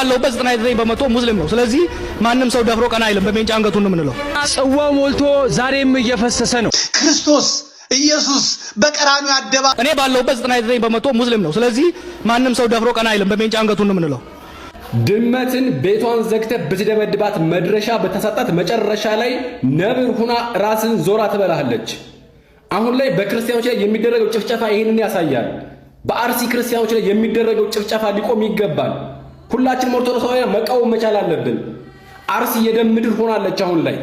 ባለውበት 99 በመቶ ሙስሊም ነው። ስለዚህ ማንም ሰው ደፍሮ ቀና አይልም። በሜንጫ አንገቱ ነው የምንለው። ጽዋው ሞልቶ ዛሬም እየፈሰሰ ነው። ክርስቶስ ኢየሱስ በቀራኒው አደባባይ እኔ ባለውበት 99 በመቶ ሙስሊም ነው። ስለዚህ ማንም ሰው ደፍሮ ቀና አይልም። በሜንጫ አንገቱ ነው የምንለው። ድመትን ቤቷን ዘግተ ብትደበድባት መድረሻ በተሰጣት መጨረሻ ላይ ነብር ሁና ራስን ዞራ ትበላሃለች። አሁን ላይ በክርስቲያኖች ላይ የሚደረገው ጭፍጨፋ ይህንን ያሳያል። በአርሲ ክርስቲያኖች ላይ የሚደረገው ጭፍጨፋ ሊቆም ይገባል። ሁላችንም ኦርቶዶክሳውያን መቃወም መቻል አለብን። አርሲ የደም ምድር ሆናለች አሁን ላይ።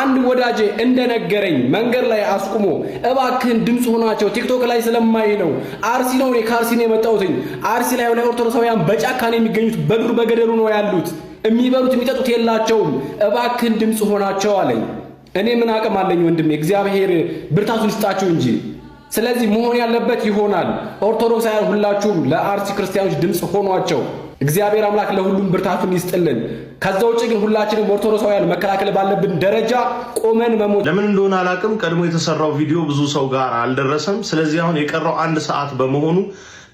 አንድ ወዳጄ እንደነገረኝ መንገድ ላይ አስቁሞ እባክህን ድምፅ ሆናቸው ቲክቶክ ላይ ስለማይ ነው። አርሲ ነው፣ እኔ ከአርሲ ነው የመጣሁትኝ። አርሲ ላይ ሆነ ኦርቶዶክሳውያን በጫካ ነው የሚገኙት፣ በዱር በገደሉ ነው ያሉት። የሚበሉት የሚጠጡት የላቸውም። እባክህን ድምፅ ሆናቸው አለኝ። እኔ ምን አቅም አለኝ ወንድሜ፣ እግዚአብሔር ብርታቱን ይስጣችሁ እንጂ። ስለዚህ መሆን ያለበት ይሆናል። ኦርቶዶክሳውያን ሁላችሁም ለአርሲ ክርስቲያኖች ድምፅ ሆኗቸው። እግዚአብሔር አምላክ ለሁሉም ብርታቱን ይስጥልን። ከዛ ውጭ ግን ሁላችንም ኦርቶዶክሳውያን መከላከል ባለብን ደረጃ ቆመን መሞት ለምን እንደሆነ አላቅም። ቀድሞ የተሰራው ቪዲዮ ብዙ ሰው ጋር አልደረሰም። ስለዚህ አሁን የቀረው አንድ ሰዓት በመሆኑ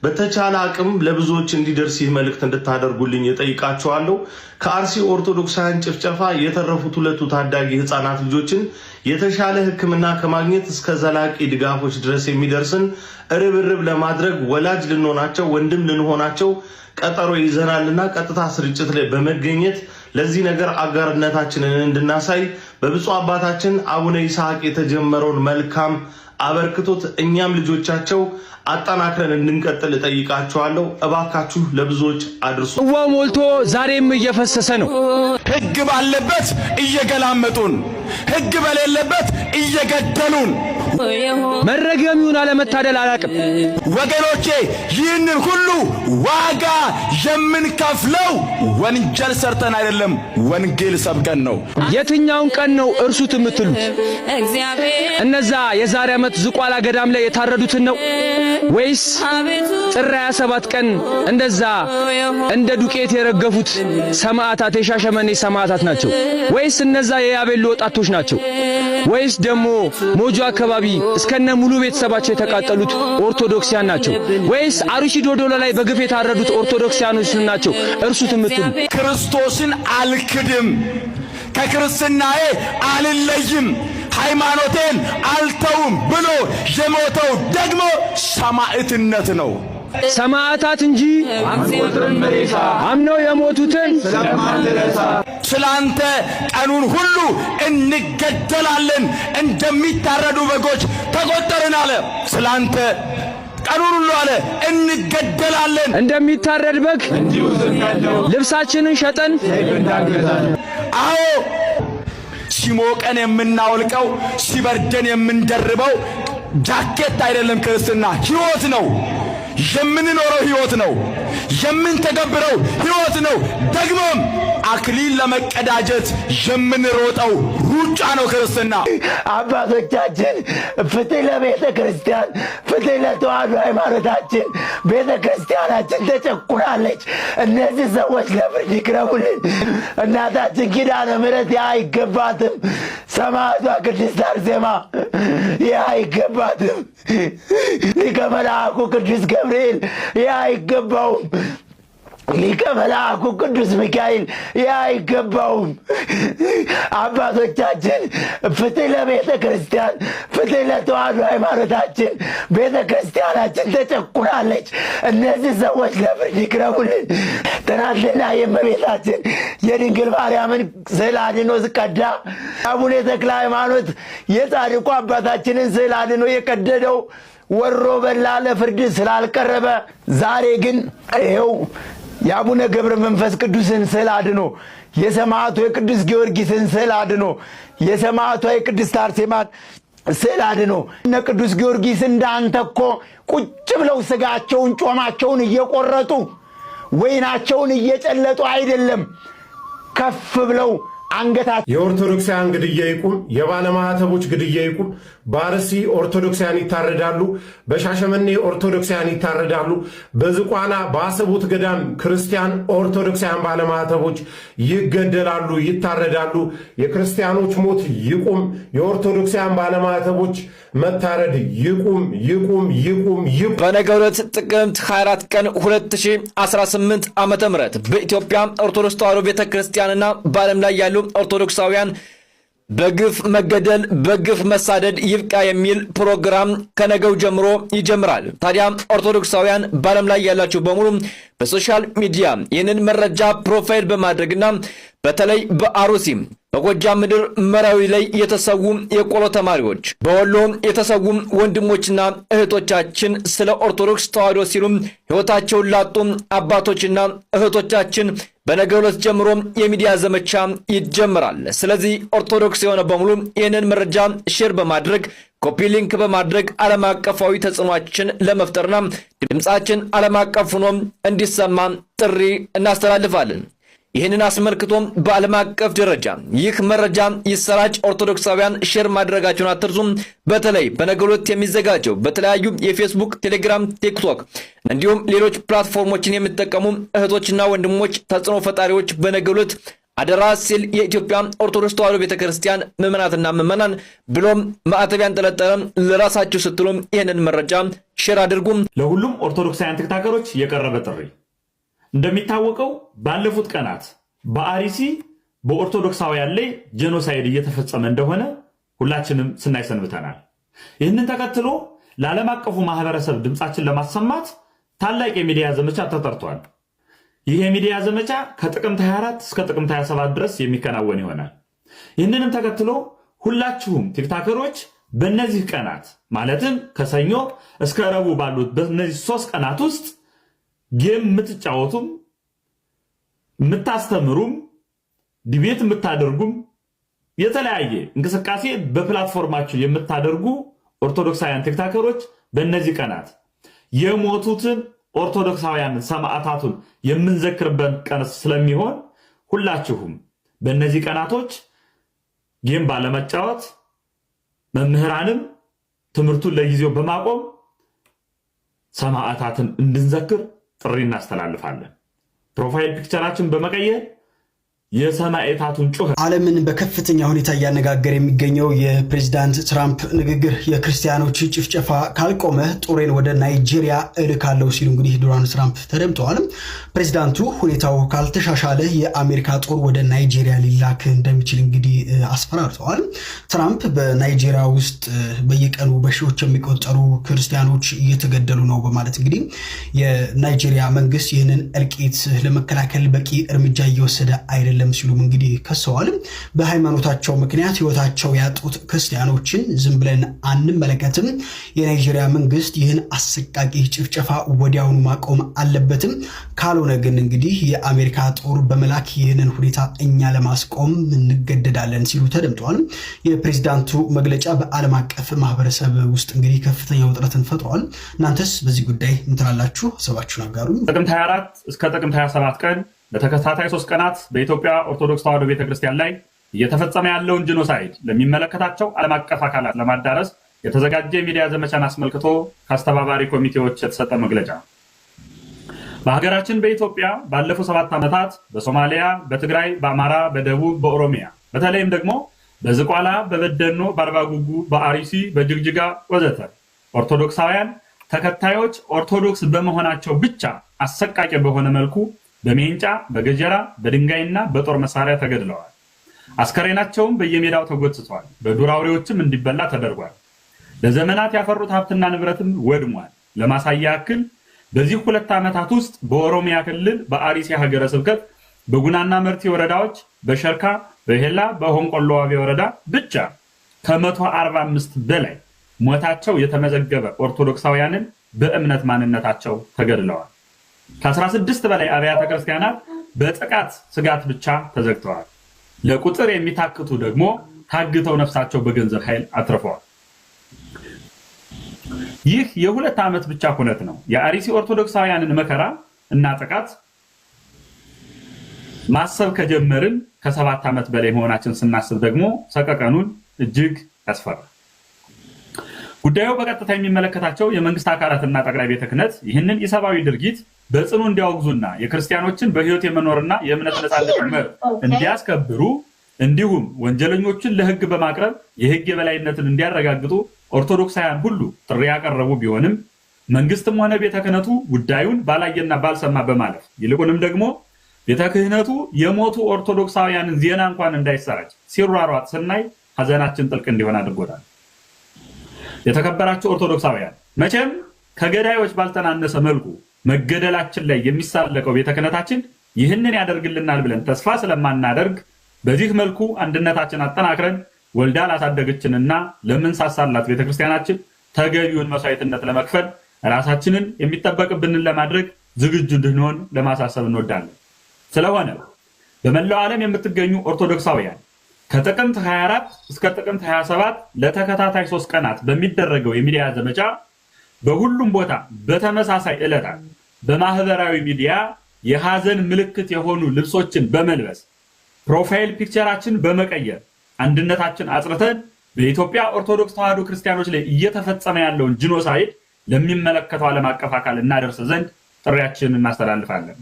በተቻለ አቅም ለብዙዎች እንዲደርስ ይህ መልእክት እንድታደርጉልኝ እጠይቃችኋለሁ። ከአርሲ ኦርቶዶክሳውያን ጭፍጨፋ የተረፉት ሁለቱ ታዳጊ ህፃናት ልጆችን የተሻለ ሕክምና ከማግኘት እስከ ዘላቂ ድጋፎች ድረስ የሚደርስን ርብርብ ለማድረግ ወላጅ ልንሆናቸው፣ ወንድም ልንሆናቸው ቀጠሮ ይዘናልና ቀጥታ ስርጭት ላይ በመገኘት ለዚህ ነገር አጋርነታችንን እንድናሳይ በብፁዕ አባታችን አቡነ ይስሐቅ የተጀመረውን መልካም አበርክቶት እኛም ልጆቻቸው አጠናክረን እንድንቀጥል እጠይቃችኋለሁ። እባካችሁ ለብዙዎች አድርሱ። እዋ ሞልቶ ዛሬም እየፈሰሰ ነው። ሕግ ባለበት እየገላመጡን፣ ሕግ በሌለበት እየገደሉን መረገሚውን አለመታደል አላቅም። ወገኖቼ ይህንን ሁሉ ዋጋ የምንከፍለው ወንጀል ሰርተን አይደለም፣ ወንጌል ሰብከን ነው። የትኛውን ቀን ነው እርሱት የምትሉት? እነዛ የዛሬ ዓመት ዝቋላ ገዳም ላይ የታረዱትን ነው ወይስ ጥር 27 ቀን እንደዛ እንደ ዱቄት የረገፉት ሰማዕታት የሻሸመኔ ሰማዕታት ናቸው ወይስ እነዛ የያቤሎ ወጣቶች ናቸው? ወይስ ደግሞ ሞጆ አካባቢ እስከነ ሙሉ ቤተሰባቸው የተቃጠሉት ኦርቶዶክሲያን ናቸው ወይስ አርሺ ዶዶላ ላይ በግፍ የታረዱት ኦርቶዶክሲያኖች ናቸው? እርሱ የምትሉ ክርስቶስን አልክድም፣ ከክርስትናዬ አልለይም፣ ሃይማኖቴን አልተውም ብሎ የሞተው ደግሞ ሰማዕትነት ነው። ሰማዕታት እንጂ አምነው የሞቱትን ስላንተ ቀኑን ሁሉ እንገደላለን፣ እንደሚታረዱ በጎች ተቆጠርን አለ። ስላንተ ቀኑን ሁሉ አለ እንገደላለን፣ እንደሚታረድ በግ ልብሳችንን ሸጠን። አዎ ሲሞቀን የምናወልቀው ሲበርደን የምንደርበው ጃኬት አይደለም። ክርስትና ሕይወት ነው። የምንኖረው ሕይወት ነው። የምንተገብረው ሕይወት ነው። ደግሞም አክሊል ለመቀዳጀት የምንሮጠው ሩጫ ነው ክርስትና። አባቶቻችን ፍትህ ለቤተ ክርስቲያን፣ ፍትህ ለተዋህዶ ሃይማኖታችን። ቤተ ክርስቲያናችን ተጨቁናለች። እነዚህ ሰዎች ለፍርድ ይቅረቡልን። እናታችን ኪዳነ ምሕረት ያ አይገባትም። ሰማዕቷ ቅድስት አርሴማ ያ አይገባትም። ሊቀ መልአኩ ቅዱስ ገብርኤል ያ አይገባውም። ሊቀ መልአኩ ቅዱስ ሚካኤል አይገባውም። አባቶቻችን ፍትህ ለቤተ ክርስቲያን፣ ፍትህ ለተዋህዶ ሃይማኖታችን። ቤተ ክርስቲያናችን ተጨቁናለች። እነዚህ ሰዎች ለፍርድ ይቅረቡልን። ትናንትና የእመቤታችን የድንግል ማርያምን ስዕል አድኖ ቀዳ አቡነ ተክለ ሃይማኖት የጻድቁ አባታችንን ስዕል አድኖ የቀደደው ወሮ በላ ለፍርድ ስላልቀረበ ዛሬ ግን ይኸው የአቡነ ገብረ መንፈስ ቅዱስን ስዕል አድኖ የሰማዕቱ የቅዱስ ጊዮርጊስን ስዕል አድኖ የሰማዕቷ የቅድስት አርሴማን ስዕል አድኖ እነ ቅዱስ ጊዮርጊስ እንዳንተ እኮ ቁጭ ብለው ስጋቸውን ጮማቸውን እየቆረጡ ወይናቸውን እየጨለጡ አይደለም ከፍ ብለው አንገታ የኦርቶዶክሳውያን ግድያ ይቁም፣ የባለማዕተቦች ግድያ ይቁም። በአርሲ ኦርቶዶክሳውያን ይታረዳሉ፣ በሻሸመኔ ኦርቶዶክሳውያን ይታረዳሉ፣ በዝቋላ በአሰቡት ገዳም ክርስቲያን ኦርቶዶክሳውያን ባለማዕተቦች ይገደላሉ፣ ይታረዳሉ። የክርስቲያኖች ሞት ይቁም፣ የኦርቶዶክሳውያን ባለማዕተቦች መታረድ ይቁም፣ ይቁም፣ ይቁም፣ ይቁም። በነገ ዕለት ጥቅምት 24 ቀን 2018 ዓ ም በኢትዮጵያ ኦርቶዶክስ ተዋሕዶ ቤተ ክርስቲያንና በዓለም ላይ ያሉ ኦርቶዶክሳውያን በግፍ መገደል፣ በግፍ መሳደድ ይብቃ የሚል ፕሮግራም ከነገው ጀምሮ ይጀምራል። ታዲያ ኦርቶዶክሳውያን በዓለም ላይ ያላችሁ በሙሉ በሶሻል ሚዲያ ይህንን መረጃ ፕሮፋይል በማድረግና በተለይ በአሩሲ በጎጃም ምድር መራዊ ላይ የተሰዉ የቆሎ ተማሪዎች በወሎ የተሰዉ ወንድሞችና እህቶቻችን ስለ ኦርቶዶክስ ተዋሕዶ ሲሉ ሕይወታቸውን ላጡ አባቶችና እህቶቻችን በነገ ዕለት ጀምሮ የሚዲያ ዘመቻ ይጀምራል። ስለዚህ ኦርቶዶክስ የሆነ በሙሉ ይህንን መረጃ ሼር በማድረግ ኮፒ ሊንክ በማድረግ ዓለም አቀፋዊ ተጽዕኖችን ለመፍጠርና ድምፃችን ዓለም አቀፍ ሆኖም እንዲሰማ ጥሪ እናስተላልፋለን። ይህንን አስመልክቶም በዓለም አቀፍ ደረጃ ይህ መረጃ ይሰራጭ፣ ኦርቶዶክሳውያን ሼር ማድረጋቸውን አትርሱም። በተለይ በነገሮት የሚዘጋጀው በተለያዩ የፌስቡክ፣ ቴሌግራም፣ ቲክቶክ እንዲሁም ሌሎች ፕላትፎርሞችን የሚጠቀሙ እህቶችና ወንድሞች ተጽዕኖ ፈጣሪዎች በነገሎት አደራ ሲል የኢትዮጵያ ኦርቶዶክስ ተዋሕዶ ቤተ ክርስቲያን ምዕመናትና ምዕመናን ብሎም ማዕተቢያን ያንጠለጠለ ለራሳችሁ ስትሉም ይህንን መረጃ ሼር አድርጉም። ለሁሉም ኦርቶዶክሳውያን ተከታታዮች የቀረበ ጥሪ። እንደሚታወቀው ባለፉት ቀናት በአሪሲ በኦርቶዶክሳውያን ላይ ጄኖሳይድ እየተፈጸመ እንደሆነ ሁላችንም ስናይ ሰንብተናል። ይህንን ተከትሎ ለዓለም አቀፉ ማህበረሰብ ድምፃችን ለማሰማት ታላቅ የሚዲያ ዘመቻ ተጠርቷል። ይህ የሚዲያ ዘመቻ ከጥቅምት 24 እስከ ጥቅምት 27 ድረስ የሚከናወን ይሆናል። ይህንንም ተከትሎ ሁላችሁም ቲክታከሮች በእነዚህ ቀናት ማለትም ከሰኞ እስከ ረቡዕ ባሉት በእነዚህ ሶስት ቀናት ውስጥ ጌም የምትጫወቱም የምታስተምሩም ዲቤት የምታደርጉም የተለያየ እንቅስቃሴ በፕላትፎርማችሁ የምታደርጉ ኦርቶዶክሳውያን ቲክታከሮች በእነዚህ ቀናት የሞቱትን ኦርቶዶክሳውያንን ሰማዕታቱን የምንዘክርበት ቀን ስለሚሆን ሁላችሁም በእነዚህ ቀናቶች ጌም ባለመጫወት መምህራንም ትምህርቱን ለጊዜው በማቆም ሰማዕታትን እንድንዘክር ጥሪ እናስተላልፋለን። ፕሮፋይል ፒክቸራችን በመቀየር የሰማዕታቱን ጩኸት ዓለምን በከፍተኛ ሁኔታ እያነጋገር የሚገኘው የፕሬዚዳንት ትራምፕ ንግግር የክርስቲያኖች ጭፍጨፋ ካልቆመ ጦሬን ወደ ናይጄሪያ እልካለሁ ሲሉ እንግዲህ ዶናልድ ትራምፕ ተደምጠዋል። ፕሬዚዳንቱ ሁኔታው ካልተሻሻለ የአሜሪካ ጦር ወደ ናይጄሪያ ሊላክ እንደሚችል እንግዲህ አስፈራርተዋል። ትራምፕ በናይጄሪያ ውስጥ በየቀኑ በሺዎች የሚቆጠሩ ክርስቲያኖች እየተገደሉ ነው በማለት እንግዲህ የናይጄሪያ መንግስት ይህንን እልቂት ለመከላከል በቂ እርምጃ እየወሰደ አይደለም የለም ሲሉም እንግዲህ ከሰዋልም። በሃይማኖታቸው ምክንያት ህይወታቸው ያጡት ክርስቲያኖችን ዝም ብለን አንመለከትም። የናይጄሪያ መንግስት ይህን አሰቃቂ ጭፍጨፋ ወዲያውኑ ማቆም አለበትም። ካልሆነ ግን እንግዲህ የአሜሪካ ጦር በመላክ ይህንን ሁኔታ እኛ ለማስቆም እንገደዳለን ሲሉ ተደምጠዋል። የፕሬዚዳንቱ መግለጫ በዓለም አቀፍ ማህበረሰብ ውስጥ እንግዲህ ከፍተኛ ውጥረትን ፈጥሯል። እናንተስ በዚህ ጉዳይ ምትላላችሁ? ትላላችሁ? አጋሩ። ጥቅምት 24 እስከ ጥቅምት 27 ቀን በተከታታይ ሶስት ቀናት በኢትዮጵያ ኦርቶዶክስ ተዋሕዶ ቤተክርስቲያን ላይ እየተፈጸመ ያለውን ጂኖሳይድ ለሚመለከታቸው ዓለም አቀፍ አካላት ለማዳረስ የተዘጋጀ የሚዲያ ዘመቻን አስመልክቶ ከአስተባባሪ ኮሚቴዎች የተሰጠ መግለጫ። በሀገራችን በኢትዮጵያ ባለፉት ሰባት ዓመታት በሶማሊያ፣ በትግራይ፣ በአማራ፣ በደቡብ፣ በኦሮሚያ በተለይም ደግሞ በዝቋላ፣ በበደኖ፣ በአርባጉጉ፣ በአሪሲ፣ በጅግጅጋ ወዘተ ኦርቶዶክሳውያን ተከታዮች ኦርቶዶክስ በመሆናቸው ብቻ አሰቃቂ በሆነ መልኩ በሜንጫ በገጀራ በድንጋይና በጦር መሳሪያ ተገድለዋል። አስከሬናቸውም በየሜዳው ተጎትቷል። በዱር አውሬዎችም እንዲበላ ተደርጓል። ለዘመናት ያፈሩት ሀብትና ንብረትም ወድሟል። ለማሳያ ያክል በዚህ ሁለት ዓመታት ውስጥ በኦሮሚያ ክልል በአሪስ ሀገረ ስብከት በጉናና መርቲ ወረዳዎች በሸርካ በሄላ በሆንቆሎ ዋቤ ወረዳ ብቻ ከ145 በላይ ሞታቸው የተመዘገበ ኦርቶዶክሳውያንን በእምነት ማንነታቸው ተገድለዋል። ከ16 በላይ አብያተ ክርስቲያናት በጥቃት ስጋት ብቻ ተዘግተዋል። ለቁጥር የሚታክቱ ደግሞ ታግተው ነፍሳቸው በገንዘብ ኃይል አትርፈዋል። ይህ የሁለት ዓመት ብቻ ሁነት ነው። የአሪሲ ኦርቶዶክሳውያንን መከራ እና ጥቃት ማሰብ ከጀመርን ከሰባት ዓመት በላይ መሆናችን ስናስብ ደግሞ ሰቀቀኑን እጅግ ያስፈራ። ጉዳዩ በቀጥታ የሚመለከታቸው የመንግስት አካላትና ጠቅላይ ቤተ ክህነት ይህንን ኢሰብአዊ ድርጊት በጽኑ እንዲያወግዙና የክርስቲያኖችን በህይወት የመኖርና የእምነት ነጻነት መብት እንዲያስከብሩ እንዲሁም ወንጀለኞችን ለህግ በማቅረብ የህግ የበላይነትን እንዲያረጋግጡ ኦርቶዶክሳውያን ሁሉ ጥሪ ያቀረቡ ቢሆንም መንግስትም ሆነ ቤተ ክህነቱ ጉዳዩን ባላየና ባልሰማ በማለፍ ይልቁንም ደግሞ ቤተ ክህነቱ የሞቱ ኦርቶዶክሳውያንን ዜና እንኳን እንዳይሰራጭ ሲሯሯጥ ስናይ ሀዘናችን ጥልቅ እንዲሆን አድርጎታል። የተከበራቸው ኦርቶዶክሳውያን መቼም ከገዳዮች ባልተናነሰ መልኩ መገደላችን ላይ የሚሳለቀው ቤተ ክህነታችን ይህንን ያደርግልናል ብለን ተስፋ ስለማናደርግ በዚህ መልኩ አንድነታችን አጠናክረን ወልዳ ላሳደገችንና ለምንሳሳላት ቤተክርስቲያናችን ተገቢውን መስዋዕትነት ለመክፈል ራሳችንን የሚጠበቅብንን ለማድረግ ዝግጁ እንድንሆን ለማሳሰብ እንወዳለን። ስለሆነ በመላው ዓለም የምትገኙ ኦርቶዶክሳውያን ከጥቅምት 24 እስከ ጥቅምት 27 ለተከታታይ ሶስት ቀናት በሚደረገው የሚዲያ ዘመቻ በሁሉም ቦታ በተመሳሳይ ዕለታት በማህበራዊ ሚዲያ የሐዘን ምልክት የሆኑ ልብሶችን በመልበስ ፕሮፋይል ፒክቸራችን በመቀየር አንድነታችን አጽርተን በኢትዮጵያ ኦርቶዶክስ ተዋሕዶ ክርስቲያኖች ላይ እየተፈጸመ ያለውን ጂኖሳይድ ለሚመለከተው ዓለም አቀፍ አካል እናደርስ ዘንድ ጥሪያችንን እናስተላልፋለን።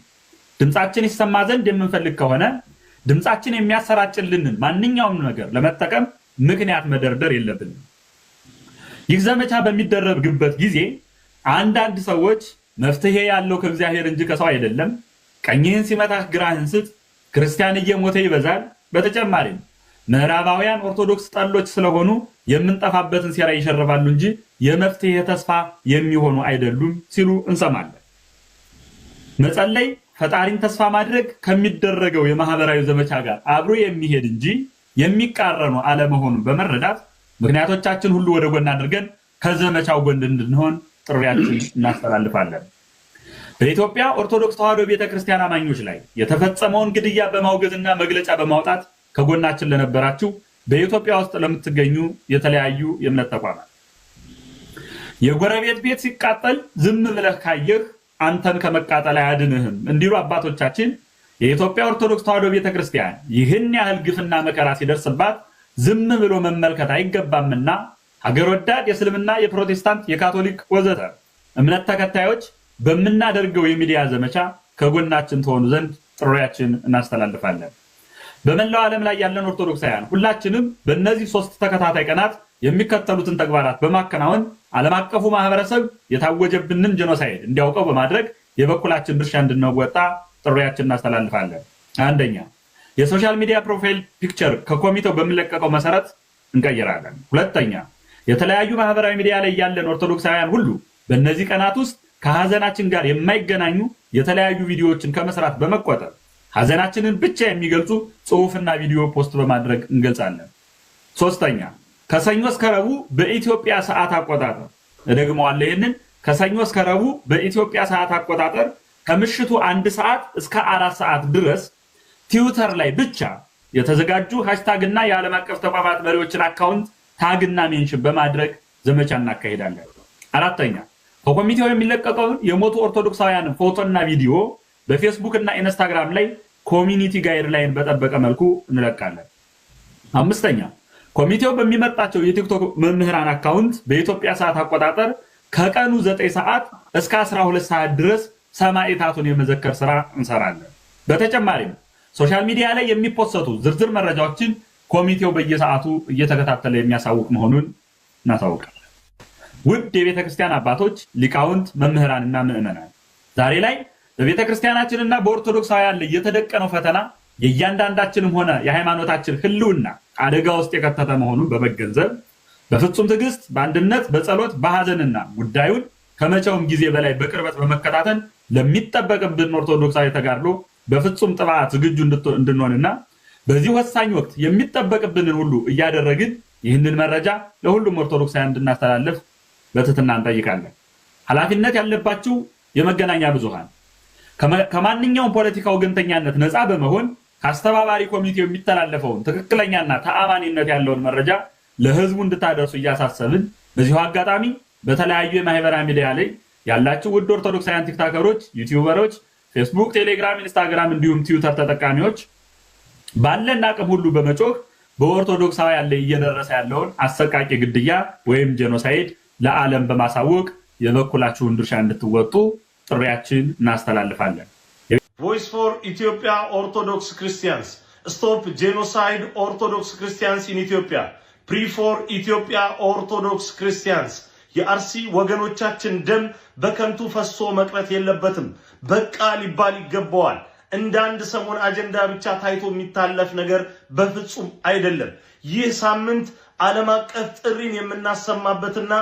ድምፃችን ይሰማ ዘንድ የምንፈልግ ከሆነ ድምፃችን የሚያሰራጭልንን ማንኛውም ነገር ለመጠቀም ምክንያት መደርደር የለብንም። ይህ ዘመቻ በሚደረግበት ጊዜ አንዳንድ ሰዎች መፍትሄ ያለው ከእግዚአብሔር እንጂ ከሰው አይደለም፣ ቀኝህን ሲመታህ ግራህን ስጥ፣ ክርስቲያን እየሞተ ይበዛል፣ በተጨማሪም ምዕራባውያን ኦርቶዶክስ ጠሎች ስለሆኑ የምንጠፋበትን ሴራ ይሸርፋሉ እንጂ የመፍትሄ ተስፋ የሚሆኑ አይደሉም ሲሉ እንሰማለን። መጸለይ፣ ፈጣሪን ተስፋ ማድረግ ከሚደረገው የማህበራዊ ዘመቻ ጋር አብሮ የሚሄድ እንጂ የሚቃረኑ አለመሆኑን በመረዳት ምክንያቶቻችን ሁሉ ወደ ጎን አድርገን ከዘመቻው ጎን እንድንሆን ጥሪያችን እናስተላልፋለን። በኢትዮጵያ ኦርቶዶክስ ተዋሕዶ ቤተክርስቲያን አማኞች ላይ የተፈጸመውን ግድያ በማውገዝና መግለጫ በማውጣት ከጎናችን ለነበራችሁ በኢትዮጵያ ውስጥ ለምትገኙ የተለያዩ የእምነት ተቋማት የጎረቤት ቤት ሲቃጠል ዝም ብለህ ካየህ አንተን ከመቃጠል አያድንህም እንዲሉ አባቶቻችን የኢትዮጵያ ኦርቶዶክስ ተዋሕዶ ቤተክርስቲያን ይህን ያህል ግፍና መከራ ሲደርስባት ዝም ብሎ መመልከት አይገባምና ሀገር ወዳድ የእስልምና፣ የፕሮቴስታንት፣ የካቶሊክ ወዘተ እምነት ተከታዮች በምናደርገው የሚዲያ ዘመቻ ከጎናችን ተሆኑ ዘንድ ጥሪያችን እናስተላልፋለን። በመላው ዓለም ላይ ያለን ኦርቶዶክሳውያን ሁላችንም በእነዚህ ሶስት ተከታታይ ቀናት የሚከተሉትን ተግባራት በማከናወን ዓለም አቀፉ ማህበረሰብ የታወጀብንን ጀኖሳይድ እንዲያውቀው በማድረግ የበኩላችን ድርሻ እንድንወጣ ጥሪያችን እናስተላልፋለን። አንደኛ የሶሻል ሚዲያ ፕሮፋይል ፒክቸር ከኮሚቴው በሚለቀቀው መሰረት እንቀይራለን። ሁለተኛ የተለያዩ ማህበራዊ ሚዲያ ላይ ያለን ኦርቶዶክሳውያን ሁሉ በእነዚህ ቀናት ውስጥ ከሀዘናችን ጋር የማይገናኙ የተለያዩ ቪዲዮዎችን ከመስራት በመቆጠብ ሀዘናችንን ብቻ የሚገልጹ ጽሁፍና ቪዲዮ ፖስት በማድረግ እንገልጻለን። ሶስተኛ ከሰኞ እስከ ረቡዕ በኢትዮጵያ ሰዓት አቆጣጠር እደግመዋለሁ። ይህንን ከሰኞ እስከ ረቡዕ በኢትዮጵያ ሰዓት አቆጣጠር ከምሽቱ አንድ ሰዓት እስከ አራት ሰዓት ድረስ ትዊተር ላይ ብቻ የተዘጋጁ እና የዓለም አቀፍ ተቋማት መሪዎችን አካውንት ታግና ሜንሽን በማድረግ ዘመቻ እናካሄዳለን። አራተኛ ከኮሚቴው የሚለቀቀውን የሞቱ ኦርቶዶክሳውያንን ፎቶና ቪዲዮ በፌስቡክ እና ኢንስታግራም ላይ ኮሚኒቲ ጋይድ ላይን በጠበቀ መልኩ እንለቃለን። አምስተኛ ኮሚቴው በሚመርጣቸው የቲክቶክ መምህራን አካውንት በኢትዮጵያ ሰዓት አቆጣጠር ከቀኑ ዘጠኝ ሰዓት እስከ 12 ሰዓት ድረስ ሰማዕታቱን የመዘከር ስራ እንሰራለን። በተጨማሪም ሶሻል ሚዲያ ላይ የሚፖሰቱ ዝርዝር መረጃዎችን ኮሚቴው በየሰዓቱ እየተከታተለ የሚያሳውቅ መሆኑን እናሳውቃለን። ውድ የቤተ ክርስቲያን አባቶች፣ ሊቃውንት፣ መምህራንና ምዕመናን ዛሬ ላይ በቤተ ክርስቲያናችንና በኦርቶዶክሳውያን ላይ የተደቀነው ፈተና የእያንዳንዳችንም ሆነ የሃይማኖታችን ህልውና አደጋ ውስጥ የከተተ መሆኑን በመገንዘብ በፍጹም ትዕግስት፣ በአንድነት፣ በጸሎት፣ በሐዘንና ጉዳዩን ከመቼውም ጊዜ በላይ በቅርበት በመከታተል ለሚጠበቅብን ኦርቶዶክሳዊ ተጋድሎ በፍጹም ጥባት ዝግጁ እንድንሆንና በዚህ ወሳኝ ወቅት የሚጠበቅብንን ሁሉ እያደረግን ይህንን መረጃ ለሁሉም ኦርቶዶክሳውያን እንድናስተላለፍ በትህትና እንጠይቃለን። ኃላፊነት ያለባችሁ የመገናኛ ብዙሃን ከማንኛውም ፖለቲካ ወገንተኛነት ነፃ በመሆን ከአስተባባሪ ኮሚቴው የሚተላለፈውን ትክክለኛና ተአማኒነት ያለውን መረጃ ለህዝቡ እንድታደርሱ እያሳሰብን በዚሁ አጋጣሚ በተለያዩ የማህበራዊ ሚዲያ ላይ ያላችሁ ውድ ኦርቶዶክሳውያን ቲክታከሮች፣ ዩቲዩበሮች ፌስቡክ፣ ቴሌግራም፣ ኢንስታግራም እንዲሁም ትዊተር ተጠቃሚዎች ባለን አቅም ሁሉ በመጮህ በኦርቶዶክሳውያን ላይ እየደረሰ ያለውን አሰቃቂ ግድያ ወይም ጄኖሳይድ ለዓለም በማሳወቅ የበኩላችሁን ድርሻ እንድትወጡ ጥሪያችን እናስተላልፋለን። ቮይስ ፎር ኢትዮጵያ ኦርቶዶክስ ክርስቲያንስ ስቶፕ ጄኖሳይድ ኦርቶዶክስ ክርስቲያንስ ኢን ኢትዮጵያ ፕሪ ፎር ኢትዮጵያ ኦርቶዶክስ ክርስቲያንስ የአርሲ ወገኖቻችን ደም በከንቱ ፈሶ መቅረት የለበትም። በቃ ሊባል ይገባዋል። እንደ አንድ ሰሞን አጀንዳ ብቻ ታይቶ የሚታለፍ ነገር በፍጹም አይደለም። ይህ ሳምንት ዓለም አቀፍ ጥሪን የምናሰማበትና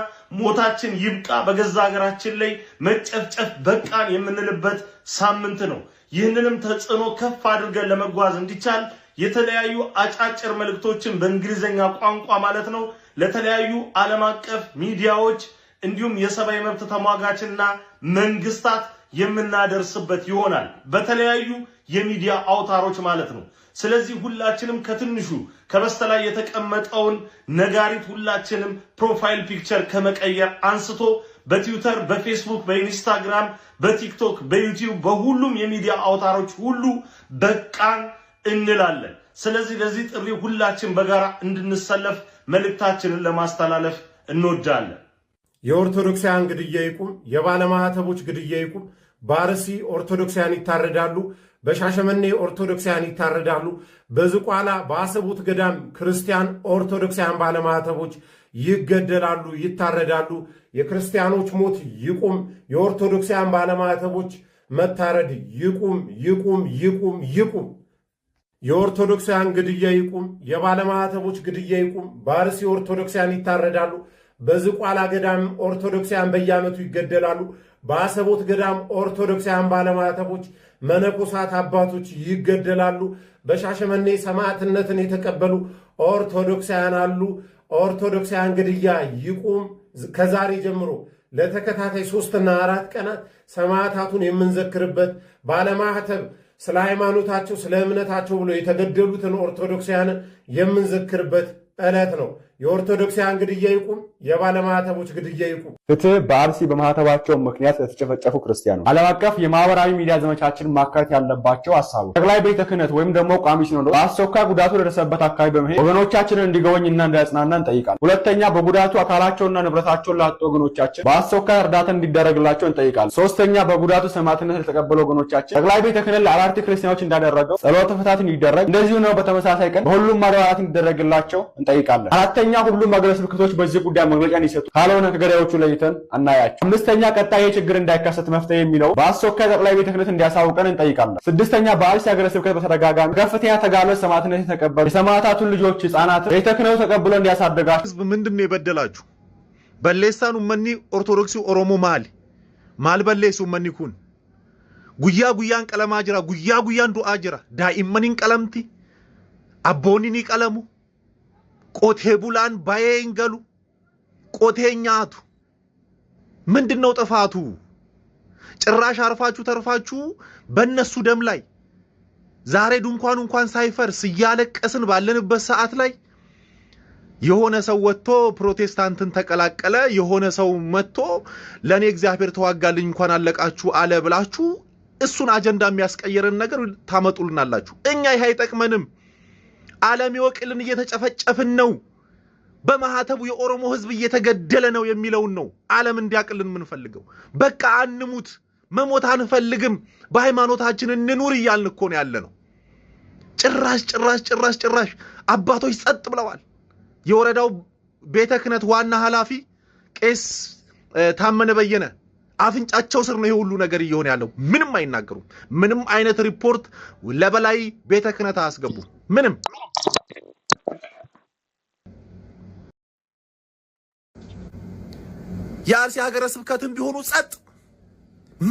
ሞታችን ይብቃ፣ በገዛ ሀገራችን ላይ መጨፍጨፍ በቃን የምንልበት ሳምንት ነው። ይህንንም ተጽዕኖ ከፍ አድርገን ለመጓዝ እንዲቻል የተለያዩ አጫጭር መልእክቶችን በእንግሊዝኛ ቋንቋ ማለት ነው ለተለያዩ ዓለም አቀፍ ሚዲያዎች እንዲሁም የሰብአዊ መብት ተሟጋችና መንግስታት የምናደርስበት ይሆናል በተለያዩ የሚዲያ አውታሮች ማለት ነው። ስለዚህ ሁላችንም ከትንሹ ከበስተላይ የተቀመጠውን ነጋሪት ሁላችንም ፕሮፋይል ፒክቸር ከመቀየር አንስቶ በትዊተር፣ በፌስቡክ፣ በኢንስታግራም፣ በቲክቶክ፣ በዩቲዩብ በሁሉም የሚዲያ አውታሮች ሁሉ በቃን እንላለን። ስለዚህ ለዚህ ጥሪ ሁላችን በጋራ እንድንሰለፍ መልእክታችንን ለማስተላለፍ እንወዳለን። የኦርቶዶክሳውያን ግድያ ይቁም፣ የባለማህተቦች ግድያ ይቁም። በአርሲ ኦርቶዶክሳውያን ይታረዳሉ፣ በሻሸመኔ ኦርቶዶክሳውያን ይታረዳሉ፣ በዝቋላ በአሰቡት ገዳም ክርስቲያን ኦርቶዶክሳውያን ባለማህተቦች ይገደላሉ፣ ይታረዳሉ። የክርስቲያኖች ሞት ይቁም። የኦርቶዶክሳውያን ባለማህተቦች መታረድ ይቁም፣ ይቁም፣ ይቁም፣ ይቁም። የኦርቶዶክሳውያን ግድያ ይቁም፣ የባለማዕተቦች ግድያ ይቁም። በአርሲ ኦርቶዶክሳውያን ይታረዳሉ። በዝቋላ ገዳም ኦርቶዶክሳውያን በየዓመቱ ይገደላሉ። በአሰቦት ገዳም ኦርቶዶክሳውያን ባለማዕተቦች፣ መነኮሳት፣ አባቶች ይገደላሉ። በሻሸመኔ ሰማዕትነትን የተቀበሉ ኦርቶዶክሳውያን አሉ። ኦርቶዶክሳውያን ግድያ ይቁም። ከዛሬ ጀምሮ ለተከታታይ ሶስትና አራት ቀናት ሰማዕታቱን የምንዘክርበት ባለማህተብ ስለ ሃይማኖታቸው ስለ እምነታቸው ብሎ የተገደሉትን ኦርቶዶክሳውያን የምንዘክርበት ዕለት ነው። የኦርቶዶክሳውያን ግድያ ይቁም፣ የባለማህተቦች ግድያ ይቁም። ፍትህ በአርሲ በማህተባቸው ምክንያት ለተጨፈጨፉ ክርስቲያኑ ዓለም አቀፍ የማህበራዊ ሚዲያ ዘመቻችን ማካተት ያለባቸው ሀሳቦች ጠቅላይ ቤተ ክህነት ወይም ደግሞ ቋሚ ሲኖዶስ በአስቸኳይ ጉዳቱ ለደረሰበት አካባቢ በመሄድ ወገኖቻችንን እንዲጎበኝና እንዳያጽናና እንጠይቃለን። ሁለተኛ በጉዳቱ አካላቸውና ንብረታቸውን ላጡ ወገኖቻችን በአስቸኳይ እርዳታ እንዲደረግላቸው እንጠይቃለን። ሶስተኛ በጉዳቱ ሰማዕትነት ለተቀበሉ ወገኖቻችን ጠቅላይ ቤተ ክህነት ለአራርቲ ክርስቲያኖች እንዳደረገው ጸሎተ ፍትሐት እንዲደረግ እንደዚሁ ነው በተመሳሳይ ቀን በሁሉም አድባራት እንዲደረግላቸው እንጠይቃለን። አራተኛ ሁሉም ሀገረ ስብከቶች በዚህ ጉዳይ መግለጫ እንዲሰጡ ካልሆነ ከገዳዮቹ ለይተን አናያቸው። አምስተኛ ቀጣይ ይህ ችግር እንዳይከሰት መፍትሄ የሚለው በአስቸኳይ ጠቅላይ ቤተ ክህነት እንዲያሳውቀን እንጠይቃለን። ስድስተኛ በአርሲ ሀገረ ስብከት በተደጋጋሚ ከፍተኛ ተጋሎች ሰማዕትነት የተቀበሉ የሰማዕታቱን ልጆች ህጻናት ቤተ ክህነቱ ተቀብሎ እንዲያሳድጋቸው። ህዝብ ምንድን ነው የበደላችሁ? በሌሳን መኒ ኦርቶዶክሲ ኦሮሞ ማል ማል በሌሱ መኒ ኩን ጉያ ጉያን ቀለማ ጅራ ጉያ ጉያን ዱአ ጅራ ዳኢመኒን ቀለምቲ አቦኒኒ ቀለሙ ቆቴ ቡላን ባዬ ቆቴኛቱ ምንድን ነው ጥፋቱ? ጭራሽ አርፋችሁ ተርፋችሁ በእነሱ ደም ላይ ዛሬ ድንኳን እንኳን ሳይፈርስ እያለቀስን ባለንበት ሰዓት ላይ የሆነ ሰው ወጥቶ ፕሮቴስታንትን ተቀላቀለ፣ የሆነ ሰው መጥቶ ለእኔ እግዚአብሔር ተዋጋልኝ እንኳን አለቃችሁ አለ ብላችሁ እሱን አጀንዳ የሚያስቀየርን ነገር ታመጡልናላችሁ። እኛ ይህ አይጠቅመንም። ዓለም ይወቅልን እየተጨፈጨፍን ነው፣ በማህተቡ የኦሮሞ ህዝብ እየተገደለ ነው የሚለውን ነው ዓለም እንዲያቅልን የምንፈልገው። በቃ አንሙት፣ መሞት አንፈልግም፣ በሃይማኖታችን እንኑር እያልን እኮ ነው ያለ ነው። ጭራሽ ጭራሽ ጭራሽ ጭራሽ አባቶች ጸጥ ብለዋል። የወረዳው ቤተ ክህነት ዋና ኃላፊ ቄስ ታመነ በየነ አፍንጫቸው ስር ነው የሁሉ ሁሉ ነገር እየሆነ ያለው። ምንም አይናገሩም። ምንም አይነት ሪፖርት ለበላይ ቤተ ክህነት አያስገቡም። ምንም የአርሲ ሀገረ ስብከትም ቢሆኑ ጸጥ።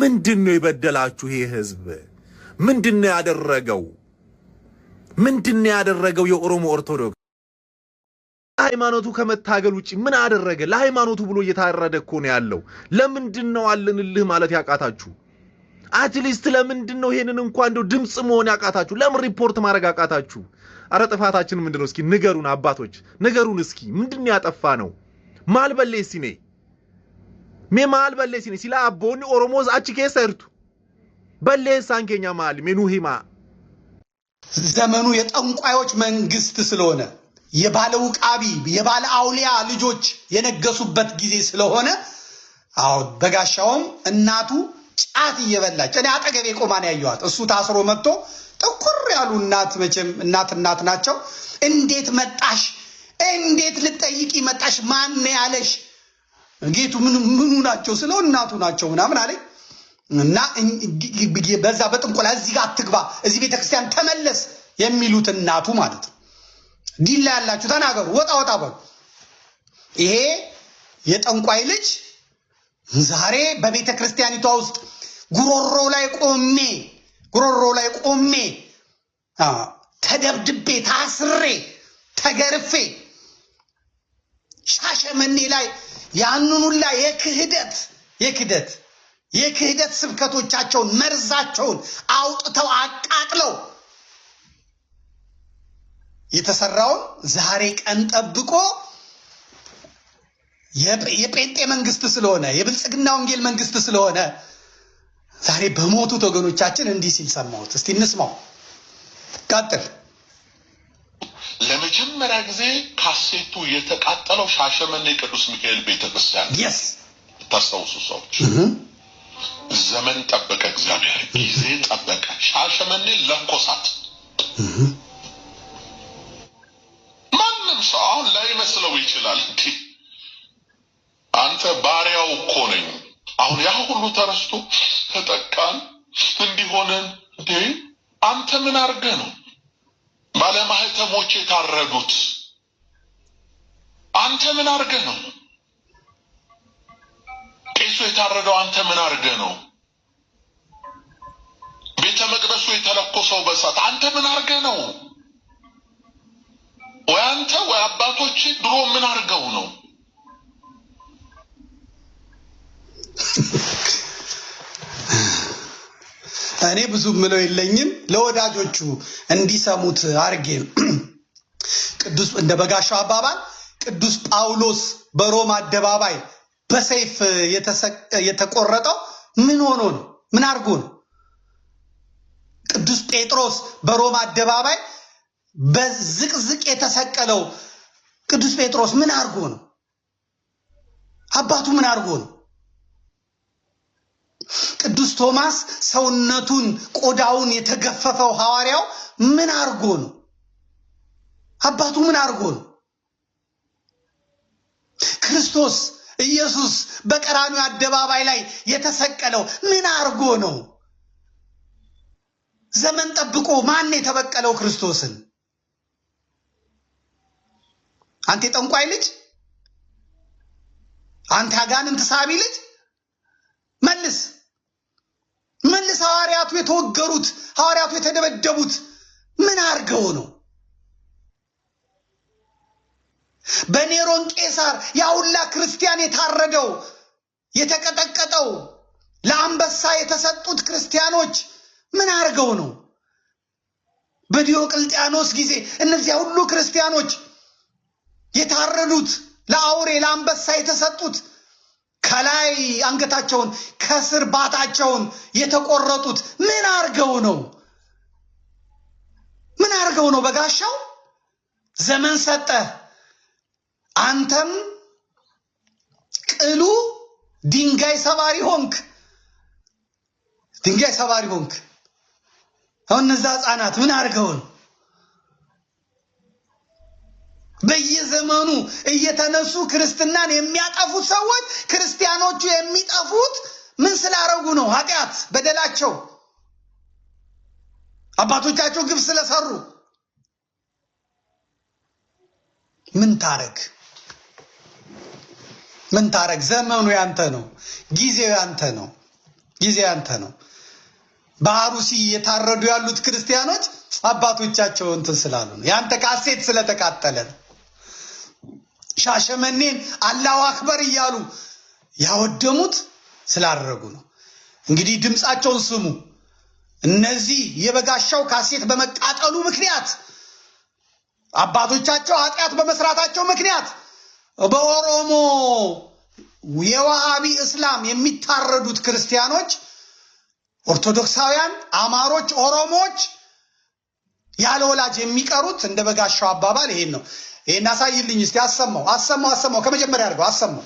ምንድን ነው የበደላችሁ? ይህ ህዝብ ምንድን ነው ያደረገው? ምንድን ነው ያደረገው? የኦሮሞ ኦርቶዶክስ ሃይማኖቱ ከመታገል ውጭ ምን አደረገ? ለሃይማኖቱ ብሎ እየታረደ እኮ ነው ያለው። ለምንድን ነው አለንልህ ማለት ያቃታችሁ? አትሊስት ለምንድን ነው ይሄንን እንኳን እንደው ድምፅ መሆን ያቃታችሁ? ለምን ሪፖርት ማድረግ አቃታችሁ? አረ ጥፋታችን ምንድን ነው? እስኪ ንገሩን አባቶች ንገሩን። እስኪ ምንድን ያጠፋ ነው? ማልበሌ ሲኔ ሜ ማልበሌ ሲኔ ሲላ አቦኒ ኦሮሞዝ አቺ ኬሰርቱ በሌ ሳንኬኛ ማል ሜኑ ሂማ ዘመኑ የጠንቋዮች መንግስት ስለሆነ የባለ ውቃቢ የባለ አውሊያ ልጆች የነገሱበት ጊዜ ስለሆነ አዎ በጋሻውም እናቱ ጫት እየበላች እኔ አጠገቤ ቆማ ነው ያየኋት። እሱ ታስሮ መጥቶ ጥቁር ያሉ እናት መቼም እናት እናት ናቸው። እንዴት መጣሽ? እንዴት ልጠይቂ መጣሽ? ማን ያለሽ? ጌቱ ምኑ ናቸው ስለው እናቱ ናቸው ምናምን አለኝ። እና በዛ በጥንቆላ እዚህ ጋር አትግባ፣ እዚህ ቤተክርስቲያን ተመለስ የሚሉት እናቱ ማለት ነው። ዲላ ያላችሁ ተናገሩ፣ ወጣ ወጣ በሉ። ይሄ የጠንቋይ ልጅ ዛሬ በቤተ ክርስቲያኒቷ ውስጥ ጉሮሮ ላይ ቆሜ ጉሮሮ ላይ ቆሜ ተደብድቤ ታስሬ ተገርፌ ሻሸመኔ ላይ ያንኑላ የክህደት የክህደት የክህደት ስብከቶቻቸውን መርዛቸውን አውጥተው አቃጥለው የተሰራውን ዛሬ ቀን ጠብቆ የጴንጤ መንግስት ስለሆነ የብልጽግና ወንጌል መንግስት ስለሆነ ዛሬ በሞቱት ወገኖቻችን እንዲህ ሲል ሰማሁት። እስቲ እንስማው። ቀጥል። ለመጀመሪያ ጊዜ ካሴቱ የተቃጠለው ሻሸመኔ ቅዱስ ሚካኤል ቤተክርስቲያን የስ የታስታውሱ ሰዎች ዘመን ጠበቀ፣ እግዚአብሔር ጊዜ ጠበቀ። ሻሸመኔ ለንኮሳት ማንም ሰው አሁን ላይመስለው ይችላል እንዴ? አሁን ያ ሁሉ ተረስቶ ተጠቃን እንዲሆነን እንዴ? አንተ ምን አድርገ ነው ባለማህተሞች የታረዱት? አንተ ምን አድርገ ነው ቄሱ የታረደው? አንተ ምን አድርገ ነው ቤተ መቅደሱ የተለኮሰው በሳት? አንተ ምን አድርገ ነው? ወይ አንተ ወይ አባቶች ድሮ ምን አድርገው ነው እኔ ብዙ ምለው የለኝም። ለወዳጆቹ እንዲሰሙት አርጌ ቅዱስ እንደ በጋሻው አባባል ቅዱስ ጳውሎስ በሮማ አደባባይ በሰይፍ የተቆረጠው ምን ሆኖ ነው? ምን አድርጎ ነው? ቅዱስ ጴጥሮስ በሮማ አደባባይ በዝቅዝቅ የተሰቀለው ቅዱስ ጴጥሮስ ምን አድርጎ ነው? አባቱ ምን አድርጎ ነው? ቅዱስ ቶማስ ሰውነቱን ቆዳውን የተገፈፈው ሐዋርያው ምን አርጎ ነው? አባቱ ምን አርጎ ነው? ክርስቶስ ኢየሱስ በቀራኒው አደባባይ ላይ የተሰቀለው ምን አርጎ ነው? ዘመን ጠብቆ ማን የተበቀለው ክርስቶስን? አንተ የጠንቋይ ልጅ፣ አንተ አጋንንት ሳቢ ልጅ መልስ መልስ ሐዋርያቱ የተወገሩት ሐዋርያቱ የተደበደቡት ምን አድርገው ነው? በኔሮን ቄሳር ያውላ ክርስቲያን የታረደው የተቀጠቀጠው ለአንበሳ የተሰጡት ክርስቲያኖች ምን አድርገው ነው? በዲዮቅልጥያኖስ ጊዜ እነዚያ ሁሉ ክርስቲያኖች የታረዱት ለአውሬ ለአንበሳ የተሰጡት ከላይ አንገታቸውን ከስር ባታቸውን የተቆረጡት ምን አርገው ነው? ምን አርገው ነው? በጋሻው ዘመን ሰጠ፣ አንተም ቅሉ ድንጋይ ሰባሪ ሆንክ። ድንጋይ ሰባሪ ሆንክ። አሁን እነዛ ህፃናት ምን አርገውን በየዘመኑ እየተነሱ ክርስትናን የሚያጠፉት ሰዎች ክርስቲያኖቹ የሚጠፉት ምን ስላረጉ ነው? ኃጢአት በደላቸው፣ አባቶቻቸው ግብ ስለሰሩ ምን ታረግ ምን ታረግ? ዘመኑ ያንተ ነው። ጊዜው ያንተ ነው። ጊዜ ያንተ ነው። በአሩሲ እየታረዱ ያሉት ክርስቲያኖች አባቶቻቸው እንትን ስላሉ ነው። ያንተ ካሴት ስለተቃጠለ ነው። ሻሸመኔን አላሁ አክበር እያሉ ያወደሙት ስላደረጉ ነው። እንግዲህ ድምፃቸውን ስሙ። እነዚህ የበጋሻው ካሴት በመቃጠሉ ምክንያት አባቶቻቸው ኃጢአት በመስራታቸው ምክንያት በኦሮሞ የዋሃቢ እስላም የሚታረዱት ክርስቲያኖች፣ ኦርቶዶክሳውያን፣ አማሮች፣ ኦሮሞዎች ያለ ወላጅ የሚቀሩት እንደ በጋሻው አባባል ይሄን ነው። ይሄን አሳይልኝ እስቲ። አሰማው አሰማው አሰማው፣ ከመጀመሪያ አድርገው አሰማው።